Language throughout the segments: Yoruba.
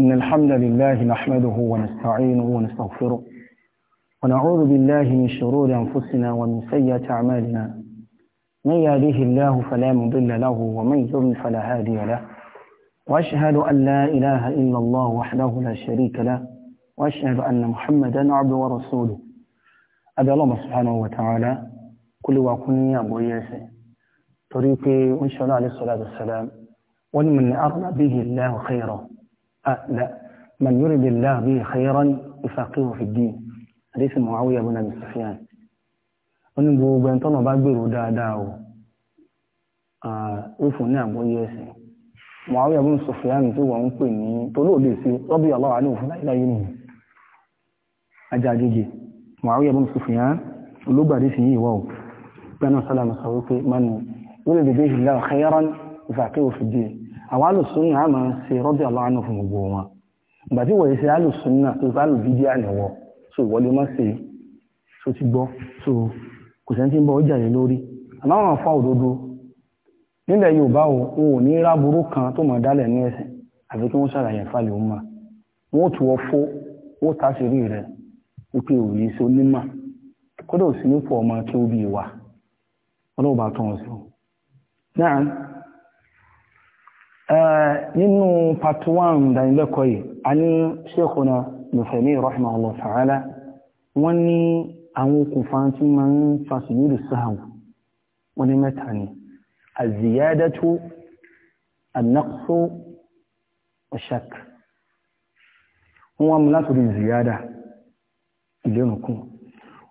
إن الحمد لله نحمده ونستعينه ونستغفره ونعوذ بالله من شرور أنفسنا ومن سيئات أعمالنا من يهده الله فلا مضل له ومن يضلل فلا هادي له وأشهد أن لا إله إلا الله وحده لا شريك له وأشهد أن محمدا عبده ورسوله أبي الله سبحانه وتعالى كل وكني أبو ياسر طريقي وإن شاء الله عليه الصلاة والسلام ومن أرنا به الله خيرا آه لا من يرد الله به خيرا يفقهه في الدين حديث معاوية بن أبي سفيان wọ́n gbogbo ẹni tọ́nà bá gbèrò dáadáa o ó fún ní àgbóyé ẹ̀sìn Muawiya bin Sufyan tí wọ́n ń pè ní tolóòdè sí rọ́bì aláwà ní òfin láìláyé nìyí ajájíjì Muawiya bin Sufyan olóògbàdé sí yìí wọ́ o pẹ́nà sálàmù sọ wípé mẹ́nu wílé dèbè ìlà khayran ìfàkẹ́ òfin díẹ̀ àwọn alùsùnà àmà ń ṣe rọ́bì aláàánú fún gbogbo wọn ìgbà tí wọ́n yìí ṣe alùsùnà tó bá lù bídíà nìwọ so ìwọlé má ṣe so ti gbọ́ so kò sẹ́ni tí ń bọ́ ó jàre lórí àmọ́ àwọn afọ òdodo nílẹ̀ Yorùbá o wọn ò ní ráburú kan tó mọ̀ dálẹ̀ ní ẹ̀sìn àfi kí wọ́n ṣàlàyé fàlẹ̀ ó mà wọ́n tù ọ fó wọ́n tà sí rí rẹ̀ wípé òye ṣe onímọ̀ kódà ò sí nípò ọmọ kí ó bí wa ọlọ́ọ̀bá tó wọn sí náà nínú part 1 ìdánilẹ́kọ̀ọ́ yìí a ní ṣékùnà lùfẹ̀mí rahimahullah ta'ala wọ́n ní àwọn okùnfà tí ma ń fàṣìyúrù sáàwù wọ́n ní mẹ́ta ni àzìyádẹ́tú annaqsu ọ̀ṣak wọ́n wá mú láti rí ziyada ìlérùnkún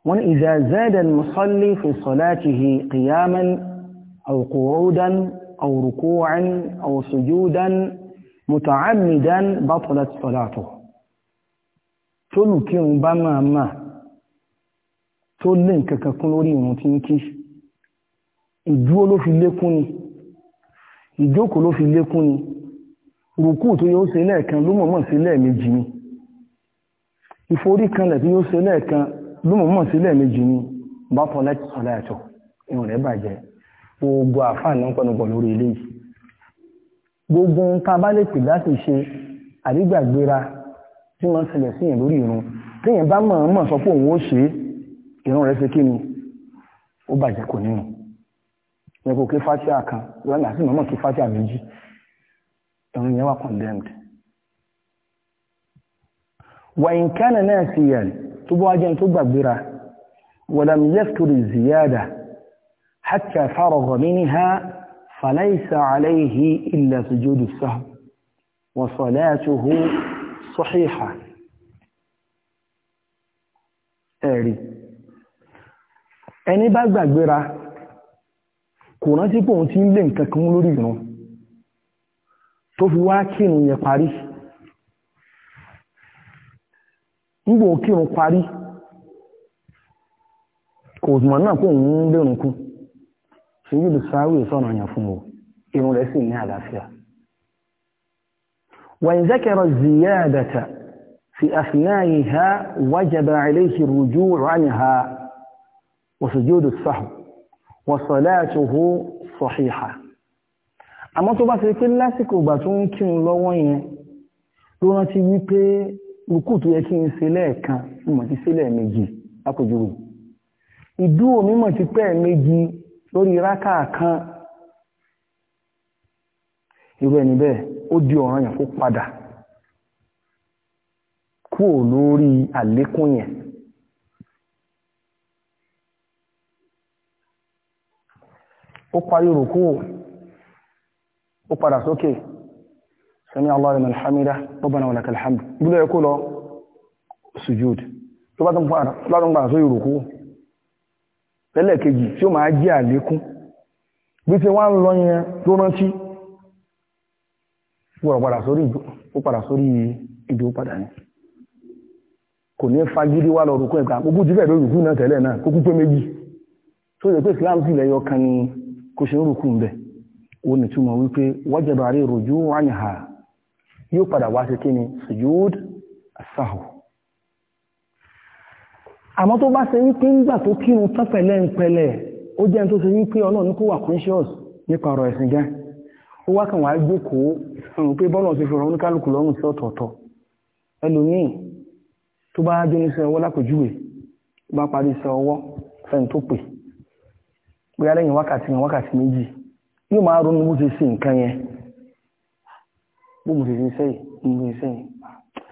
wọ́n ní idha zada al-musalli fi salatihi qiyaman aw qu'udan أو ركوعا أو سجودا متعمدا بطلت صلاته تلكن بما ما تلن كككن لوري ونتنكي ìdúró ló fi lékún ni ìjókòó ló fi lékún ni rùkú tó yóò ṣe lẹ́ẹ̀kan ló mọ̀mọ̀ sí lẹ́ẹ̀mejì ni ìforíkanlẹ̀ tó yóò ṣe lẹ́ẹ̀kan ló sí lẹ́ẹ̀mejì ni bá fọ́lá ti sọ ìrìn rẹ̀ bàjẹ́ gbogbo àfáàní ń pẹnubọ̀ lórí eléyìí gbogbo nǹkan bá lè pè láti ṣe àrígbàgbéra tí wọ́n ṣẹlẹ̀ sí yẹn lórí irun téèyàn bá mọ̀ mọ̀ sọ pé òun ó ṣe irun rẹ̀ ṣe kí ni ó bàjẹ́ kò nínú yẹn kò kí fatia kan lọ́nà àti mọ̀mọ́ kí fatia méjì irun yẹn wà condemned. wàyìn kánà náà sì yẹn tó bọ́ ajẹ́ tó gbàgbéra wàlámiyẹ́sì tó lè ziyáda حتى فرض منها فليس عليه إلا سجود السهو وصلاته صحيحة أري. ẹni bá gbàgbéra kò rántí pé òun ti ń lè nǹkan kan lórí ìran tó fi wá kírun yẹn parí nígbò kírun parí kò mọ̀ náà pé ń lérùn kún sùjúdù sáwì sọ̀nà yẹn fún o irun rẹ̀ sì ní àlàáfíà wọ́n zẹ́kẹ̀rọ ziyadata fi àfihàn ha wájaba àìlèṣì rújú ránìhà wàsùjúdù sáhù wàsọ̀láàtùhù sọ̀híhà àmọ́ tó bá ṣe pé lásìkò ìgbà tó ń kírun lọ́wọ́ yẹn ló rántí wípé rùkú tó yẹ kí n ṣe lẹ́ẹ̀kan mo ti ṣe lẹ́ẹ̀mejì lápòjúwe ìdúró mímọ̀ ti pẹ́ẹ̀ méjì lórí rákà kan irú ẹni bẹ́ẹ̀ ó di ọ̀ranyàn kó padà kúrò lórí àlékún yẹn ó parí rùkú ó padà sókè sami Allah liman hamida rabbana wa lakal hamd bí lóyẹ kó lọ sujud tó bá tún padà sórí rùkú lẹ́lẹ̀kejì tí ó máa jẹ́ àlékún bí ti wá ń lọ yẹn tó rántí wọ́n padà sórí ìjó ó padà sórí ìjó padà ní kò ní fagídí wá lọ rùkún ìgbà gbogbo jíbẹ̀ ló rùkún náà tẹ́lẹ̀ náà kókú pé méjì tó yẹ pé Islam sì lẹ́yọ kan ni kò ṣe ń rùkún bẹ̀ ó ní túmọ̀ wípé wájẹ̀bà rojú wáyà yóò padà wá sí kí ni sujud asahu àmọ́ tó bá ṣe wípé ńgbà tó kírun tán pẹ̀lẹ́ ń pẹ̀lẹ́ ó jẹ́ tó ṣe wípé ọlọ́run kó wà conscious nípa ọ̀rọ̀ ẹ̀sìn gan ó wá kàn wá jókòó hàn pé bọ́lọ̀ ti fi ọ̀rọ̀ oníkálukú lọ́rùn sí ọ̀tọ̀ọ̀tọ̀ ẹlòmíì tó bá dé ní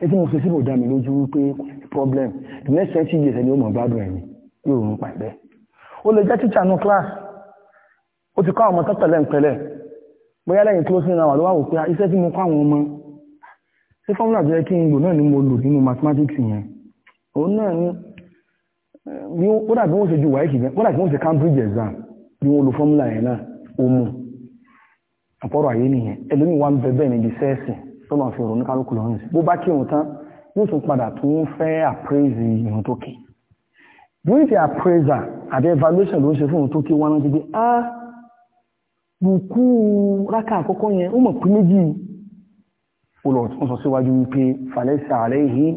tí mo fi síbò dá mi lójú wípé problem the next twenty years ẹni ó mọ̀ gbádùn ẹ̀mí yóò rún pàdé ó lè jẹ́ teacher nu class ó ti kọ́ àwọn ọmọ tó pẹ̀lẹ́ ń pẹ̀lẹ́ bóyá lẹ́yìn closing hour ló wà wò pé ah, iṣẹ́ tí mo kọ́ àwọn ọmọ ṣé fọ́múlà tó yẹ kí n lò náà ni mo lò nínú mathematics yẹn òun náà ni bí ó dàbí wọ́n ṣe ju wáyé kìí wọ́n dàbí wọ́n ṣe Cambridge exam bí wọ́n lo fọ́múlà yẹn náà ó àpọ̀rọ̀ àyè nìyẹn ẹlòmíì wá ń bẹ bẹ́ẹ̀ níbi sẹ́ẹ̀sì tọ́lọ̀ fi rò ní kálukú lọ́rùn sí bó bá kí òun tán yóò tún padà tún fẹ́ àprézì ìrùn tó kí during the appraiser àti evaluation ló ń ṣe fún òun tó kí wọn rántí pé á ah, bùkú rákà àkọ́kọ́ yẹn ó mọ̀ pé méjì ó lọ tún sọ síwájú wípé falẹ́sà ààrẹ yìí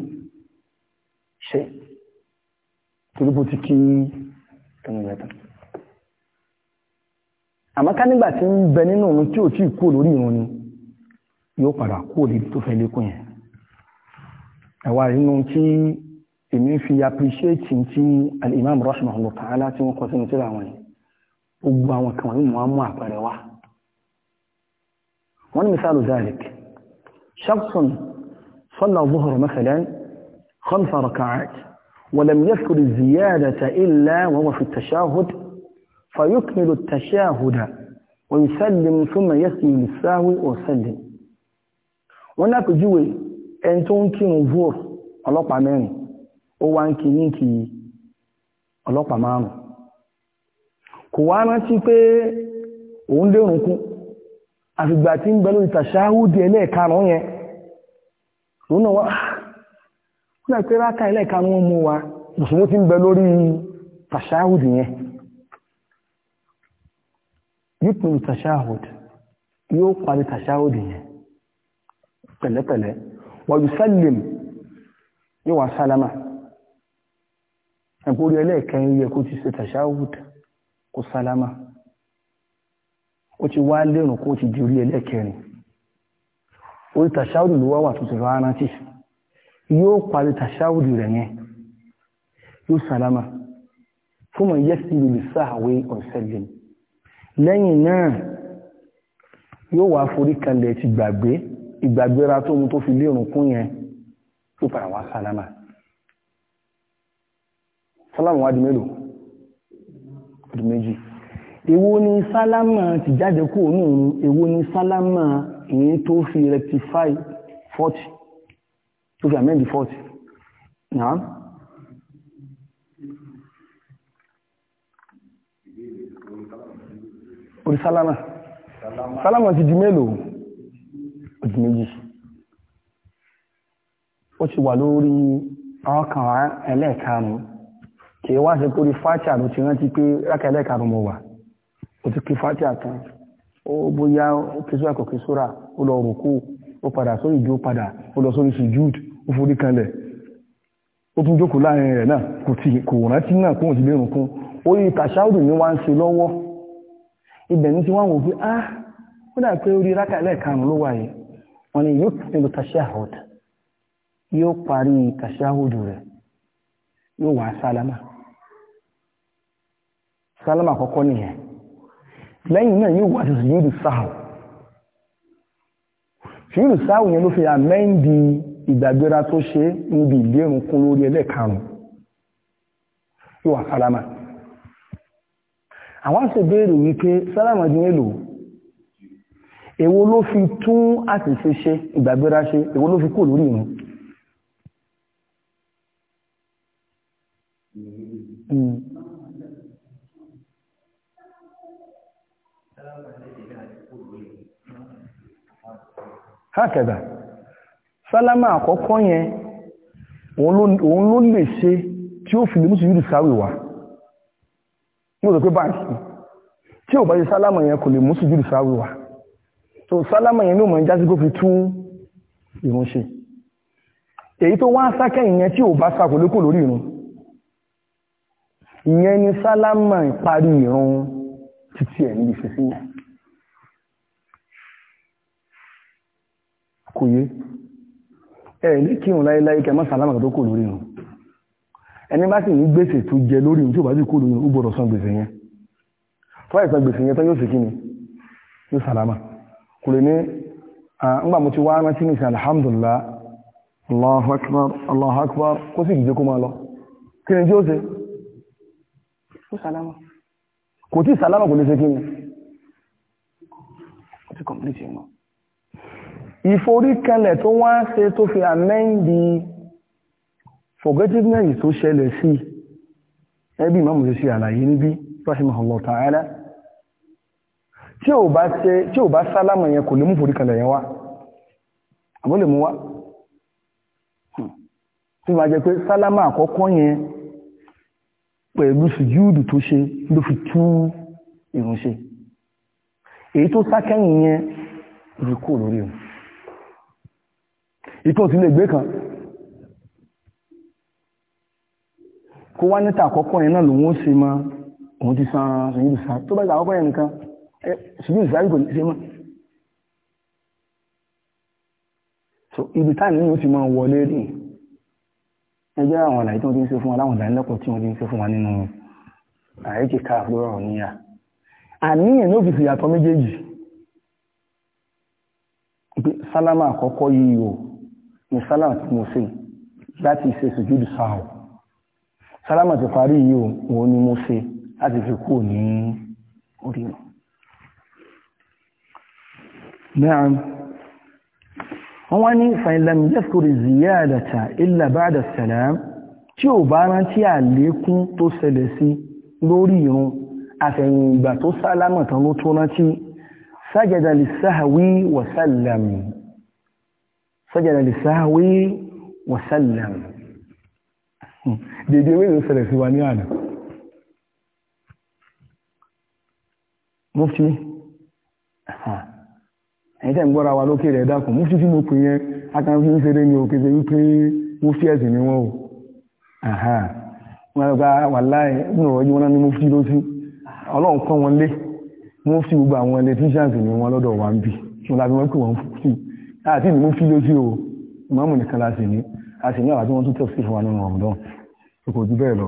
ṣe torí bó ti kí bẹ nínú òun tí ò tí kú lórí ìrùn yóò padà kú lè tó fẹ́ lékún yẹn ẹ̀wà inú tí èmi fi appreciate tí al-imam rahimahullah ta'ala tí wọ́n kọ sínú tí àwọn yìí gbogbo àwọn kan wọ́n mú àmú àpẹẹrẹ wá wọ́n ní misalu zalik shakhsun صلى الظهر مثلا خمس ركعات ولم يذكر الزيادة إلا وهو في التشاهد فيكمل التشاهد ويسلم ثم يسلم للساوي ويسلم wọ́n lápèjúwe ẹni tó ń kírun vóòr ọlọ́pàá mẹ́rin ó wá ń kí ní kí ọlọ́pàá márùn kò wá rántí pé òun lérùn kú àfìgbà tí ń bẹ lórí tàṣáhúdì ẹlẹ́ẹ̀karùn-ún yẹn lóun náà wá ah! ó dà pé ráka ẹlẹ́ẹ̀karùn-ún mú wa mùsùlùmí ti ń bẹ lórí tàṣáhúdì yẹn yóò pinnu tàṣáhúdì yóò parí tàṣáhúdì yẹn pẹ̀lẹ́pẹ̀lẹ́ wọ̀yù sẹ́lẹ̀m yíwa sálámà ẹ̀kú rí ẹlẹ́ẹ̀kẹ́ yẹ kó ti ṣe tashahud kó sálámà ó ti wá lérùn kó ti di orí ẹlẹ́ẹ̀kẹrin orí tashahud ló wá wà tó ti rọ arántí yóò parí tashahud rẹ̀ yẹn yóò sálámà fún mọ̀ yẹ́ sí ibi sáàwé ọ̀sẹ̀lẹ̀m lẹ́yìn náà yóò wá forí kanlẹ̀ ti gbàgbé ìgbàgbéra tó mú tó fi lérùn kún yẹn tó padà wá sálámà sálámà wá di mélòó di méjì èwo ni sálámà ti jáde kú òun òun èwo ni sálámà èyí tó fi rectify 40 tó fi amend 40 náà orí sálámà sálámà ti di o méjì ó ti wà lórí ọkàn ẹlẹ́ẹ̀karùn-ún kì í wá sí ló ti rántí pé rákà ẹlẹ́ẹ̀karùn-ún wà ó ti kí fátíà tán ó bóyá kìsúra kò kìsúra ó lọ rùkú ó padà sórí ìjó padà ó lọ sórí ó forí kanlẹ̀ ó tún jókòó láàrin rẹ̀ náà kò tí kò rántí náà kún ni ń ṣe lọ́wọ́ ibẹ̀ ní tí wọ́n wò pé ah, wọ́n ni yóò tẹ̀lú tashahud yóò parí tashahud rẹ̀ yóò wà sálámà sálámà kọ́kọ́ nìyẹn lẹ́yìn náà yóò wà sujudu sáhù sujudu sáhù yẹn ló fi àmẹ́ndì ìgbàgbéra tó ṣe níbi ìlérun kún lórí ẹlẹ́karùn yóò wà sálámà àwọn àṣẹ béèrè wípé sálámà di mélòó èwo ló fi tún àṣìṣe ṣe ìgbàgbéra ṣe èwo ló fi kò lórí ìrun hákẹ̀dà hmm. sálámà àkọ́kọ́ yẹn òun ló lè ṣe tí ó fi lè mú sí yúrù sáwìwá ní òdò pé báyìí tí ò bá ṣe sálámà yẹn kò lè mú sí yúrù sáwìwá so sálámà yẹn ní òmọ̀ ìjásí kó fi tú ìrun ṣe èyí tó wá sákẹ́ ìyẹn tí ò bá sàkò lókò lórí ìrun ìyẹn ni sálámà ìparí ìrun títí ẹ̀ níbi ìfẹ́ síyẹn kò yé ẹ̀ ní kírun láéláé kẹ́ mọ́ sálámà tó kò lórí ìrun ẹni bá sì ní gbèsè tó jẹ lórí ìrun tí ò bá sì kò lórí ìrun ó gbọ́dọ̀ san gbèsè yẹn tó yóò sì kí ni yóò sálámà kò lè ní mo ti wá rántí alhamdulillah allahu akbar allahu akbar kó sì kó máa lọ kí ni jẹ́ ó ṣe ó sàlámà kò tí sàlámà kò lè ṣe kí ni ó ti complete ẹ̀mọ́ ìforíkẹlẹ̀ tó wá ṣe tó fi amẹ́ndì forgetfulness tó ṣẹlẹ̀ sí ẹbí ta'ala tí o bá ṣe tí ò bá sálámà yẹn kò lè mú kalẹ̀ yẹn wá àbọ́ mú wá hmm. tí wọ́n jẹ́ pé sálámà àkọ́kọ́ yẹn pẹ̀lú sùjúùdù tó ṣe ló fi tú ìrun èyí tó sákẹ́yìn yẹn rí lórí o èyí tó lè gbé kan kó wá níta àkọ́kọ́ yẹn náà lòun ó ṣe mọ́ òun ti san sùjúùdù tó Eh, ṣùgbọ́n ìsáyé kò ní ṣe mọ́ so ibi táàmì yóò ti máa wọlé rí ẹjẹ́ àwọn àlàyé tí wọ́n ti ń ṣe fún wa láwọn ìdánilẹ́kọ̀ọ́ tí wọ́n ti ń ṣe fún wa nínú àríkè káàkiri ọ̀rọ̀ níyà àníyàn ló fi ṣìyàtọ̀ méjèèjì pé sálámà àkọ́kọ́ yìí o ní sálámà tí mo ṣe láti ṣe sùjúdù sáà sálámà ti parí yìí o òun ni mo ṣe láti fi kúrò ní orí náà نعم wọ́n ní fàìlàm yẹ́fùrì ziyádàtà ilẹ̀ bàdà sẹ̀lám tí ò bá rántí àlékún tó ṣẹlẹ̀ sí lórí irun àfẹ̀yìn ìgbà tó sálámọ̀tán ló tó rántí sájẹ̀dà lè sáhàwí wàsálàm dèdè wéèrè ṣẹlẹ̀ sí wa ní àná mufti ẹ̀yin tẹ́ ń gbọ́ra wa lókè rẹ̀ dákun mú títí mo pè yẹn akanfin ń ṣeré ní òkè ṣe wípé mo fi ẹ̀sìn ní wọn o wọn gba ah, wàláì ní ọ̀rọ̀ yìí wọn náà ni mo fi ló sí ọlọ́run kọ́ wọn lé mo fi gbogbo àwọn ilé tíṣàǹsì ní wọn lọ́dọ̀ wa ń bì tí wọn láti wọn pè wọn sí àti ìlú mo fi ló sí o ìmáàmù nìkan la sì ní a sì ní àwọn tí wọn tún tẹ̀ sí fún wa nínú ọ̀rọ̀ náà kò ju bẹ́ẹ̀ lọ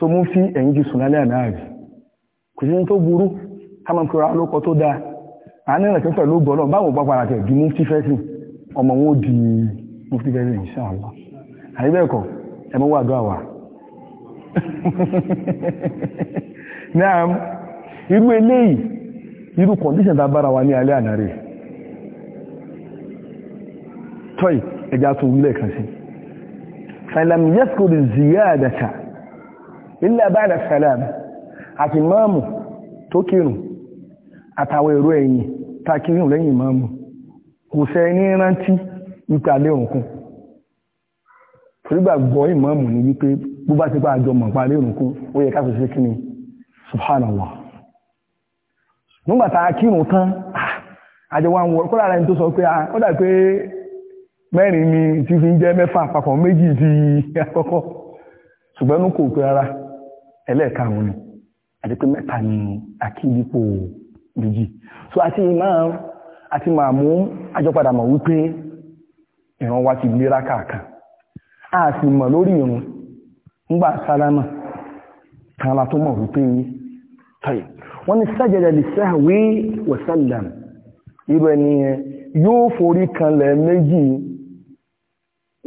so mo fi ẹ̀yin ti sùn lálẹ́ àná àánìrìn tó pẹ̀lú gbọ́nà báwo bá padà tẹ̀ di mufti fẹ́sì ọmọ wọn ó di mufti fẹ́sì inshallah àyíbẹ̀ẹ̀kọ́ ẹmọ́ wà dọ́ àwà náà irú eléyìí irú condition tá bára wa ní alẹ́ àná rẹ̀ tọ́ì ẹja tó wílẹ̀ kan sí falam yaskuru ziyadata illa ba'da salam àti máàmù tó kírun àtàwọn èrò ẹ̀yìn takiri lẹ́yìn ìmáàmù kò sẹ́ ní rántí ipa lé òǹkùn torígbàgbọ́ ìmáàmù ní wípé bó bá ti bá àjọ mọ̀ pa lé òǹkùn ó yẹ ká sọ sí kí ni subhanallah nígbà tá a kírun tán àjọ ah, wa ń wọ kọ́lá ẹni tó sọ pé ah, ó dà pé mẹ́rin ni ti fi ń jẹ́ mẹ́fà àpapọ̀ méjì ti àkọ́kọ́ ṣùgbọ́n kò pé rárá ẹlẹ́ẹ̀karùn-ún ni àti pé mẹ́ta ni àkíyípo méjì so àti imam àti màmú àjọpadà mọ̀ wípé ìran wa ti lera kàkà a sì mọ̀ lórí ìrun ńgbà sálámà tààlà tó mọ̀ wípé tọ́yì wọ́n ni sajada lis-sahwi wa sallam irú ẹni yóò forí kanlẹ̀ méjì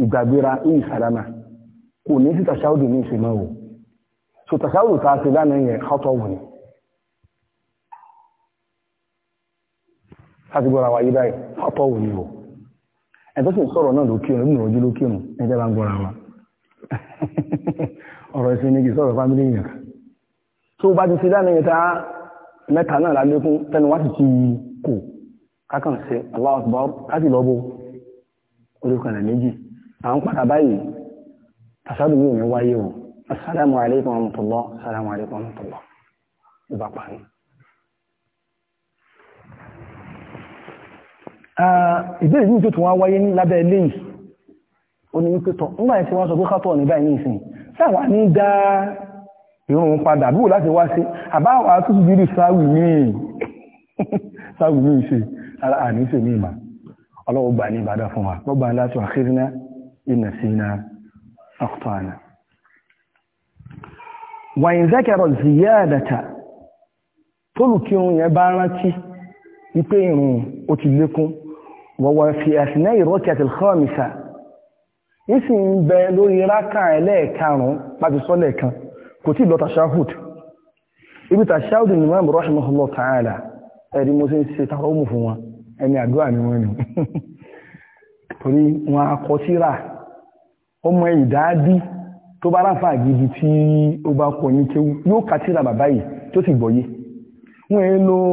ìgbàgbéra ìyí sálámà kò ní sí tàṣáwùdù ní ìṣẹ́mọ̀ wò so tàṣáwùdù tàṣẹ́ lánàá yẹn hátọ́wù ni láti gbọ́ra wa yí báyìí ọ̀tọ̀ wù o ẹ̀ tó sì náà lókè rẹ̀ nínú ojú lókè rùn ní ìjọba ń gbọ́ra wa ọ̀rọ̀ ìsinmi kì fámílì tó bá ti ṣe dáná mẹ́ta náà lálékún tẹnu wá sì ti kò kákan láti ìbéèrè ní ìtòtò wọn wáyé ní lábẹ́ ilé yìí ó ní wípé tọ́ nígbà tí wọ́n sọ pé kátọ̀ ní báyìí nìsín sáwà ní dá ìrùn padà bú láti wá sí àbáwà tó ti dìrì sáwì ní sáwì ní ìṣe àní sí ní ìmà ọlọ́wọ́ gbà ní ìbádà fún wa lọ́gbà láti wà kiri ná ìnà sí iná ọkùtọ̀ àná wàyìn zákẹrọ ziyádàtà tólùkírun yẹn bá rántí wípé ìrùn ó ti lékún wọ̀wọ̀ fi àsìná ìrọ́kẹ̀tì khamisa ń sì ń bẹ lórí rákà ẹlẹ́ẹ̀karùn-ún pàtí sọ́lẹ̀ kan kò tí lọ tashahud ibi tashahud ni imam rahimahullah ta'ala ẹ̀rí mo ti ń ṣe tàwọn mú fún wọn ẹni àdúrà ni wọ́n ni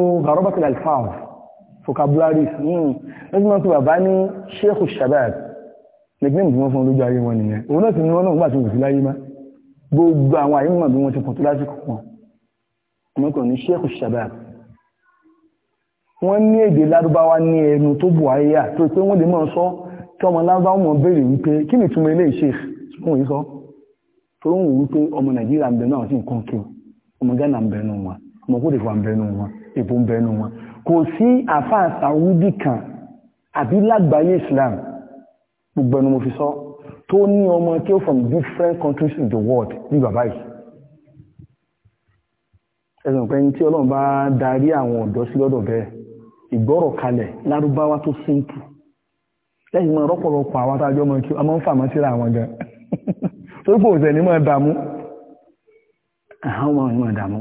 torí vocabularies ẹgbẹ́ hmm. wọn tó bàbá ní sheikh shabab lẹ́gbẹ́ mú wọn fún olójú ayé wọn nìyẹn òun náà ti ní wọn náà gbà tí wọ́n fi láyé má gbogbo àwọn àyè mọ̀ bí wọ́n ti pọ̀ tó lásìkò wọn ọmọkùnrin ní sheikh shabab wọ́n ní èdè lárúbáwá ní ẹnu tó bù ayé à tó pé wọ́n lè mọ́ sọ tí ọmọ lárúbáwá mọ̀ béèrè wípé kí ni ìtumọ̀ ilé ìṣe fún òun sọ tó ń wù wípé ọmọ nàìjíríà ń bẹnu àwọn sí nǹkan kí ọmọ ghana ń bẹnu wọn ọmọ kódìfà ń bẹnu wọn èbó ń kò sí àfáà sàúdì kan àbí lágbàáyé islam gbogbo ẹnu mo fi sọ tó ní ọmọ tí ó from different countries in the world ní bàbá yìí ẹ̀sùn pé tí ọlọ́run bá darí àwọn ọ̀dọ́ sí lọ́dọ̀ bẹ́ẹ̀ ìgbọ́rọ̀ kalẹ̀ lárúbáwá tó simple lẹ́yìn mọ́ rọ́pọ̀lọpọ̀ àwọn atájọ́ mọ́ kí ọmọ ń fà mọ́ síra àwọn gan torí pé òṣèlú mọ́ dààmú àwọn ọmọ ìmọ̀ dààmú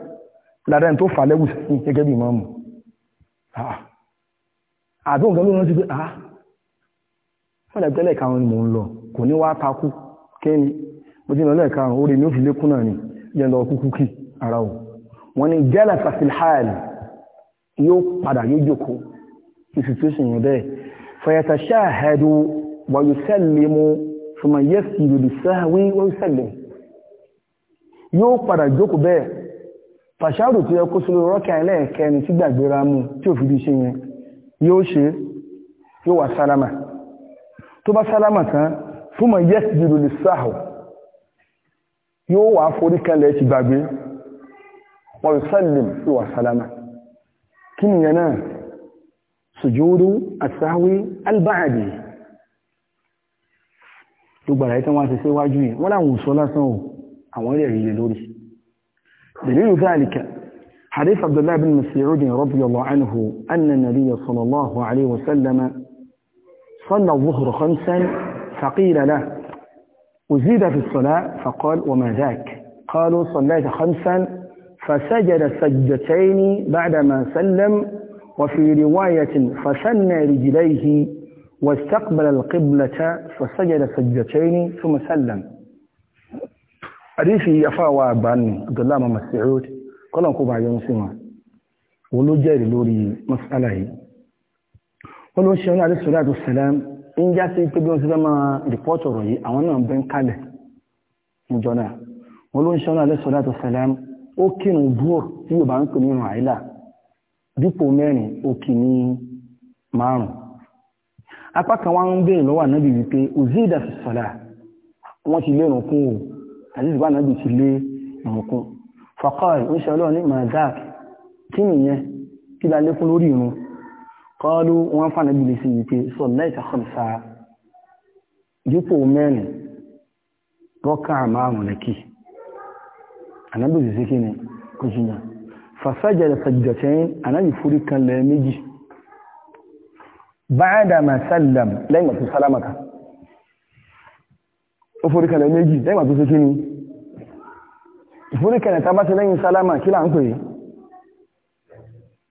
lára ẹni tó fà lẹ́wù sí gẹ́gẹ́ bí ìmọ̀ọ́mù ah. àti òǹkan ló rántí pé ah fọ́nà ìpínlẹ̀ karùn-ún ni mò ń lọ kò ní wá takú kẹ́ni mo ti lọ lẹ́ẹ̀karùn-ún orí mi ò fi lékún náà ni yẹn lọ kúkú kí ara o wọ́n ní jẹ́lẹ̀ sàfihàn yóò padà yóò jókòó ní situation yẹn bẹ́ẹ̀ fẹ̀yẹ̀tà ṣáàhẹ́dù wàyù sẹ́lẹ̀ mu fún ma yẹ́sì lòdì sáà wàyù sẹ́lẹ̀ yóò padà jókòó bẹ́ẹ̀ pàṣárù tó yẹ kó sínú rọ́kẹ̀ ẹlẹ́ẹ̀kẹ́ni tí gbàgbéra mú tí ò fi bí ṣe yẹn yóò ṣe yóò wà sálámà tó bá sálámà tán fúnmọ̀ yes jùlọ lè sáhù yóò wà forí ti gbàgbé wọ́n sálìm yóò wà sálámà kí ni yẹn náà sùjúdú àtàwí albáàdì gbogbo àrà ìtàn wọn ti ṣe wájú yìí wọ́n láwọn òṣọ́ lásán àwọn ilẹ̀ rí lórí دليل ذلك حديث عبد الله بن مسعود رضي الله عنه أن النبي صلى الله عليه وسلم صلى الظهر خمسا فقيل له أزيد في الصلاة فقال وما ذاك قالوا صليت خمسا فسجد سجدتين بعدما سلم وفي رواية فسنى رجليه واستقبل القبلة فسجد سجدتين ثم سلم àdífi afáwà àgbáni abdullahi mas'ud kọ́lọ̀n kó bá yọ sí wọn wọn ló jẹ́rìí lórí mas'ala yìí wọ́n ló ń ṣe àti sọ́dọ̀ àti sẹ́lẹ̀m ń já sí pé bí wọ́n ti fẹ́ máa rìpọ́tù ọ̀rọ̀ yìí àwọn náà bẹ́ ń kalẹ̀ níjọ náà wọ́n ló ń àti àti sẹ́lẹ̀m ó kírun àdìsí bá nàbì ti lé ìrùnkún fàkọ́ọ̀lù ó ṣe ọlọ́run ní mazak kí nìyẹn kí la lékún lórí ìrun kọ́ọ̀lù wọn fànà bí lè sí ìpè sọ lẹ́ẹ̀ta kọ̀ọ̀sá dípò يفوري كان بعد ما سلم لما سلامك ó foríkalẹ̀ méjì lẹ́gbà tó ṣe kí ni ìforíkalẹ̀ tàbá ti lẹ́yìn sálámà kí là ń pè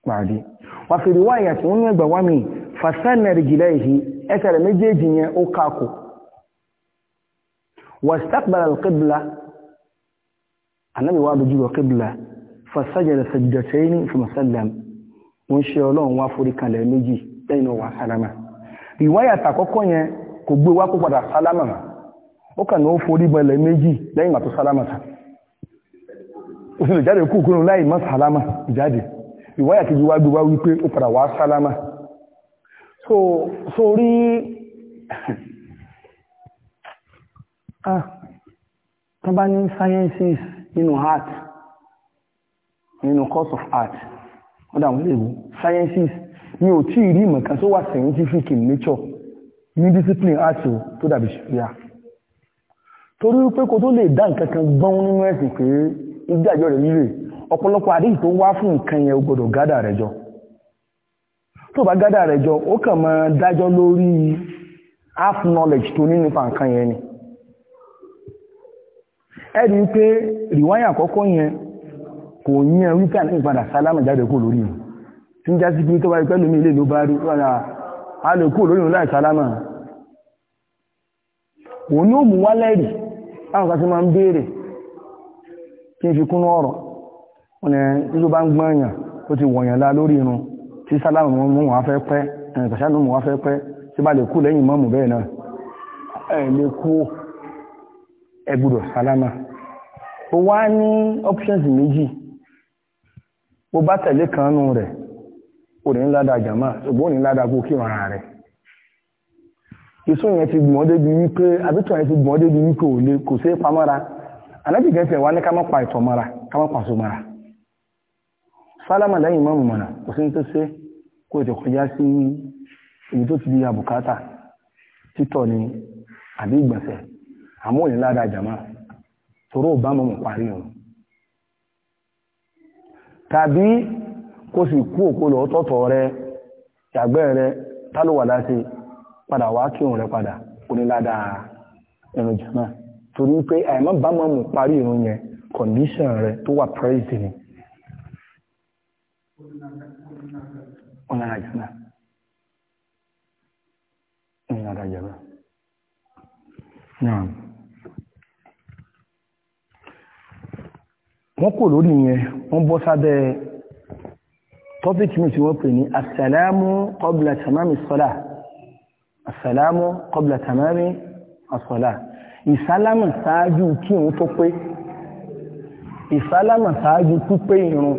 pàdé wà fèrè wá ìyàtí wọ́n ní ẹgbà wá mi fàṣánà rìgìlẹ̀ yìí ẹsẹ̀ rẹ̀ méjèèjì yẹn ó kàkù wà staqbala al-qibla anábì wà dojú al-qibla fasajada sajdatayn fi masallam wọ́n ṣe ọlọ́run wá sálámà ó kàn ní ó forí gbẹlẹ̀ méjì lẹ́yìn àtó sálámàtà ó sì lè jáde kú kúrò láì má sálámà ìjáde ìwáyà kejì wá gbé wá wípé ó padà wá sálámà so so rí ah tán bá ní sciences nínú art nínú course of art wọ́n dáwọn léwu sciences ni ò tí ì rí tó wà scientific in nature ní discipline art tó dàbí ṣùgbọ́n torí wípé kò tó lè dá nǹkan kan gbọ́n nínú ẹ̀sìn pé ìgbàjọ́ rẹ̀ líle ọ̀pọ̀lọpọ̀ àdéhì tó wá fún nǹkan yẹn o gbọ́dọ̀ gádà rẹ̀ jọ tó bá gádà rẹ̀ jọ ó kàn máa dájọ́ lórí half knowledge tó ní nípa yẹn ni ẹ rí i pé rìwáyà àkọ́kọ́ yẹn kò yẹn wípé àti ìpadà sálámà jáde kó lórí mi tí ń já sí pé tó bá rí pẹ́lú mi ilé ló bá rí a lè kó lórí mi láì sálámà òun ni ó mú wálẹ́rìí báwọn kan sí máa ń béèrè kí n fi kún ọ̀rọ̀ wọn ni títí bá ń gbọ́n èèyàn ó ti wọ̀nyàn lá lórí irun tí sálámù mú wọn fẹ́ pẹ́ ẹ̀ẹ́dẹ̀kàṣánù mú wọn fẹ́ pẹ́ tí bá lè kú lẹ́yìn mọ́mù bẹ́ẹ̀ náà ẹ̀ lè kú ẹ gbọ́dọ̀ sálámà ó wá ní options méjì bó bá tẹ̀lé kan nù rẹ̀ ò ní ládàá jàmá ṣùgbọ́n ò ní ládàá kó ara rẹ̀ ìsún yẹn ti gbìmọ̀ débi wípé àbítọ̀ yẹn ti gbìmọ̀ débi wípé ò lè kò sí pamọ́ra alájìgẹ́ tẹ̀ wá ní ká má pa ìtọ̀ mara ká má pàṣọ mara sálámà lẹ́yìn mọ́mù mọ̀nà kò sí tó ṣe kó ètò kọjá sí ibi tó ti di àbùkátà títọ̀ ni àbí ìgbọ̀nsẹ̀ àmọ́ òní ládàá jàmá toró parí òun tàbí kó sì kú òkú lọ tọ́tọ̀ rẹ rẹ padà wá kí òun rẹ̀ padà onílàdà ẹ̀rùn jàmá torí pé àìmọ́ bá mọ́ mú parí ìrún yẹn condition rẹ̀ tó wà praise ni onílàdà jàmá onílàdà jàmá náà wọ́n kò lórí yẹn wọ́n bọ́ sábẹ́ topic mi tí wọ́n pè ní asàlámù qabla tamami salah àsàlámù kọbla tàmámi àsọ̀lá ìsálámù sáájú kí òun tó pé ìsálámù sáájú pípé ìrun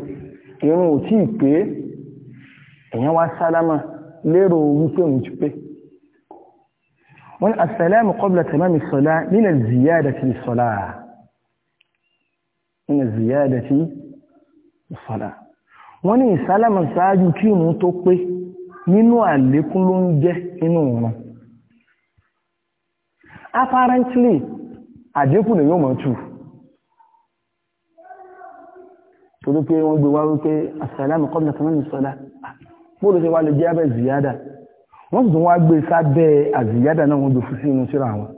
ìrun ò tí ì pé èèyàn wá sálámù lérò wípé òun ti pé wọ́n àsàlámù kọbla tàmámi sọ̀lá nílẹ̀ ziyáda ti sọ̀lá nílẹ̀ ziyáda wọ́n ní ìsálámù sáájú kí òun tó pé nínú àlékún ló ń jẹ́ nínú òun apparently àdínkù lè yóò mọ̀ tù torí pé wọ́n gbé wá wípé àsàlámù kọ́bìnà kan mẹ́rin sọ́lá bóòlù ṣe wá lè jẹ́ abẹ́ ziyada wọ́n sì tún wá gbé sábẹ́ àziyada náà wọ́n gbé fún sínú síra wọn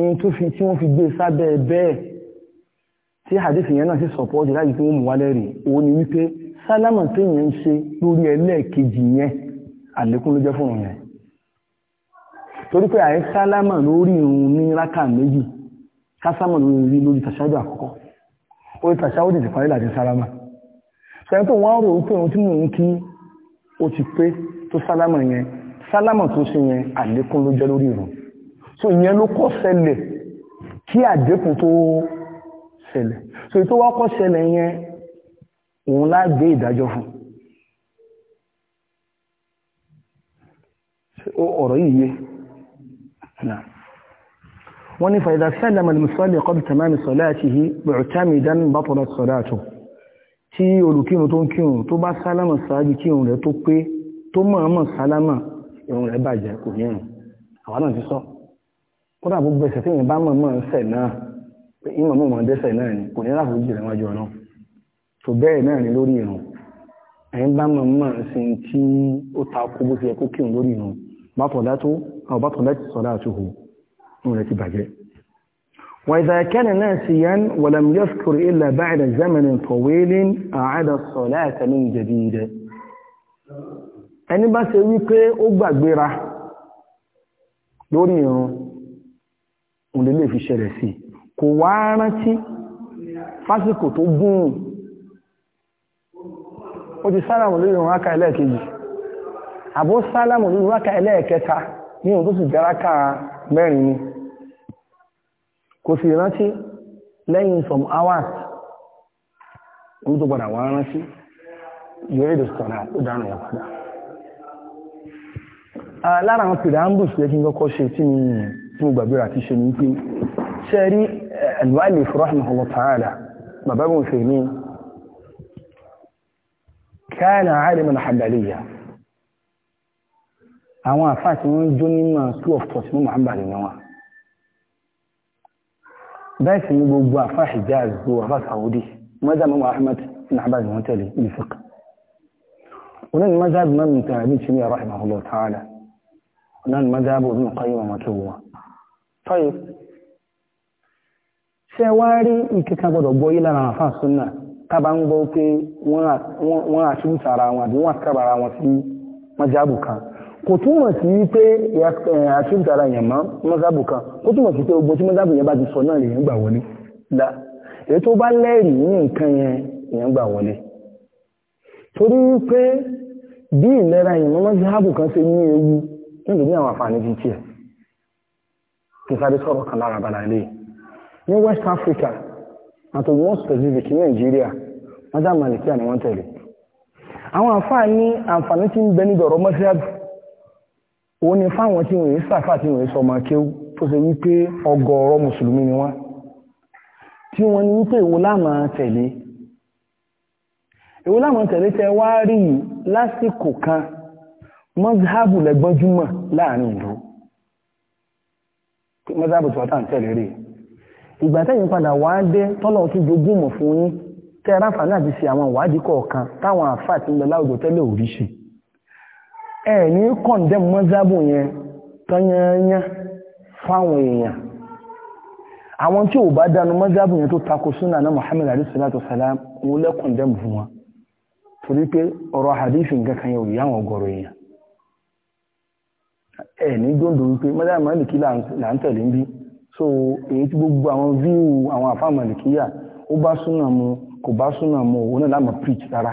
èyí tó fi tí wọ́n fi gbé sábẹ́ bẹ́ẹ̀ tí hadith yẹn náà sì sọ̀pọ̀ọ̀tì láti tí wọ́n mú wálẹ̀ rí òun ni wípé sálámù téèyàn ń ṣe lórí ẹlẹ́ẹ̀kejì yẹn àlékún ló jẹ́ fún yẹn torí pé àyẹ́ sálámà lórí irun ní rákà méjì kásámà lórí rí lórí tàṣáwọ́dì àkọ́kọ́ orí tàṣáwọ́dì ti parí láti sálámà sẹ́yìn tó wọ́n rò pé ohun tí mò ń kí ó ti pé tó sálámà yẹn sálámà tó ṣe yẹn àlékún ló jẹ́ lórí irun so ìyẹn ló kọ́ ṣẹlẹ̀ kí àdékù tó ṣẹlẹ̀ so ètò wá kọ́ ṣẹlẹ̀ yẹn òun lá ìdájọ́ fún ọ̀rọ̀ yìí نعم وأن فإذا سلم المصلي قبل تمام صلاته معتمدا بطلت صلاته tí olùkírun tó ń kírun tó bá sálámà sáájú kírun rẹ̀ tó pé tó mọ̀ọ́mọ̀ sálámà irun rẹ̀ bàjẹ́ kò ní irun àwọn náà ti sọ kódà gbogbo ẹsẹ̀ tí èèyàn bá mọ̀ọ́mọ̀ ń sẹ̀ náà pé ìmọ̀ mọ̀ mọ̀ dẹ́sẹ̀ náà ni kò ní láti jù rẹ̀ wájú ọ̀nà tó bẹ́ẹ̀ náà ni lórí irun ẹ̀yìn bá mọ̀ọ́mọ̀ sí ti ó ta kó bó ti yẹ kó kírun lórí irun bá fọ̀dá tó أو بطلت صلاته نونة بجاء وإذا كان ناسيا ولم يذكر إلا بعد زمن طويل أعاد الصلاة من جديد ẹni bá ṣe wípé ó gbàgbéra lórí ìrun òun lè lè fi ṣẹlẹ̀ sí kò wá rántí fásitì tó gùn ó ti sálàmù lórí ìrun wákà ẹlẹ́ẹ̀kejì àbó sálàmù lórí wákà ẹlẹ́ẹ̀kẹta ní ohun tó sì járáká mẹ́rin ni kò sì rántí lẹ́yìn some hours kò tó padà wọ́n rántí yóò èdè sọ̀rọ̀ ó dánù ẹ̀ padà lára àwọn pèrè ambush lẹ́kí kọ́kọ́ ṣe tí mi tí mo gbàgbé àti ṣe ní pé ṣe rí eh, alwali rahimahullah ta'ala bàbá mi ò fèmí kana aliman hadaliyya àwọn àfáà tí wọ́n jó nímọ̀ school of thought ní Muhammad ní wọn bẹ́ẹ̀ sì ni gbogbo àfáà Hijaz gbogbo àfáà Saudi mọ́jáàmù Muhammad ní na ní wọ́n tẹ̀lé ní fiqh onan mazhab man min tabi'in shi rahimahullah ta'ala onan mazhab ibn qayyim wa tuwa tayib ṣe wá rí ìkẹta gbọdọ̀ gbọ́ lára ara wọn àbí wọ́n ara wọn sí kò túmọ̀ sí pé eh, àtúntara èèyàn mọ́ mọ́sáàbù kan kò túmọ̀ sí pé ogbó tí mọ́sáàbù yẹn bá ti sọ náà lèèyàn gbà wọlé dá èyí tó bá lẹ́rìí ní nǹkan yẹn èèyàn gbà wọlé torí pé bí ìlera èèyàn mọ́sáàbù kan ṣe ní ewu níbi àwọn àǹfààní ti tiẹ̀ kí sáré sọ̀rọ̀ kan lára balà ilé ní West Africa àti more specific ní Nàìjíríà mọ́sáàbù Màlìkíà ni wọ́n tẹ̀lé àwọn àǹfààní àǹfààní ti ń bẹ níbi ọ̀rọ̀ mọ́sáàbù ó ní fáwọn tí wọ́n yìí sàfà tí wọ́n yìí sọmọ kéwú tó ṣe wípé ọgọ́rọ̀ mùsùlùmí ni wọ́n tí wọ́n ní wípé èwo láàmà tẹ̀lé èwo láàmà tẹ̀lé tẹ wá rí lásìkò kan mọ́sáàbù lẹ́gbọ́njúmọ̀ láàrin ìlú mọ́sáàbù tí wọ́n tàn tẹ̀lé rí ìgbà tẹ́yìn padà wá dé tọ́lọ̀ tún jogún mọ̀ fún yín tẹ́ ráfà náà ti ṣe àwọn ìwádìí kọ̀ọ̀kan táwọn àfáà ti ń lọ láwùjọ tẹ́lẹ̀ òríṣìí ẹ̀ ní kọ̀ndẹ̀m mọ́sábù yẹn tọ́yányá fáwọn èèyàn àwọn tí ò bá dánu mọ́sábù yẹn tó takò súnà náà Muhammad alayhi salatu salam ń lẹ́ kọ̀ndẹ̀m fún wọn torí pé ọ̀rọ̀ hadith nǹkan kan yẹn so èyí tí gbogbo àwọn fíìwù àwọn àfáà Málíkì yà ó bá súnà mu kò bá súnà òun náà láàmú preach rárá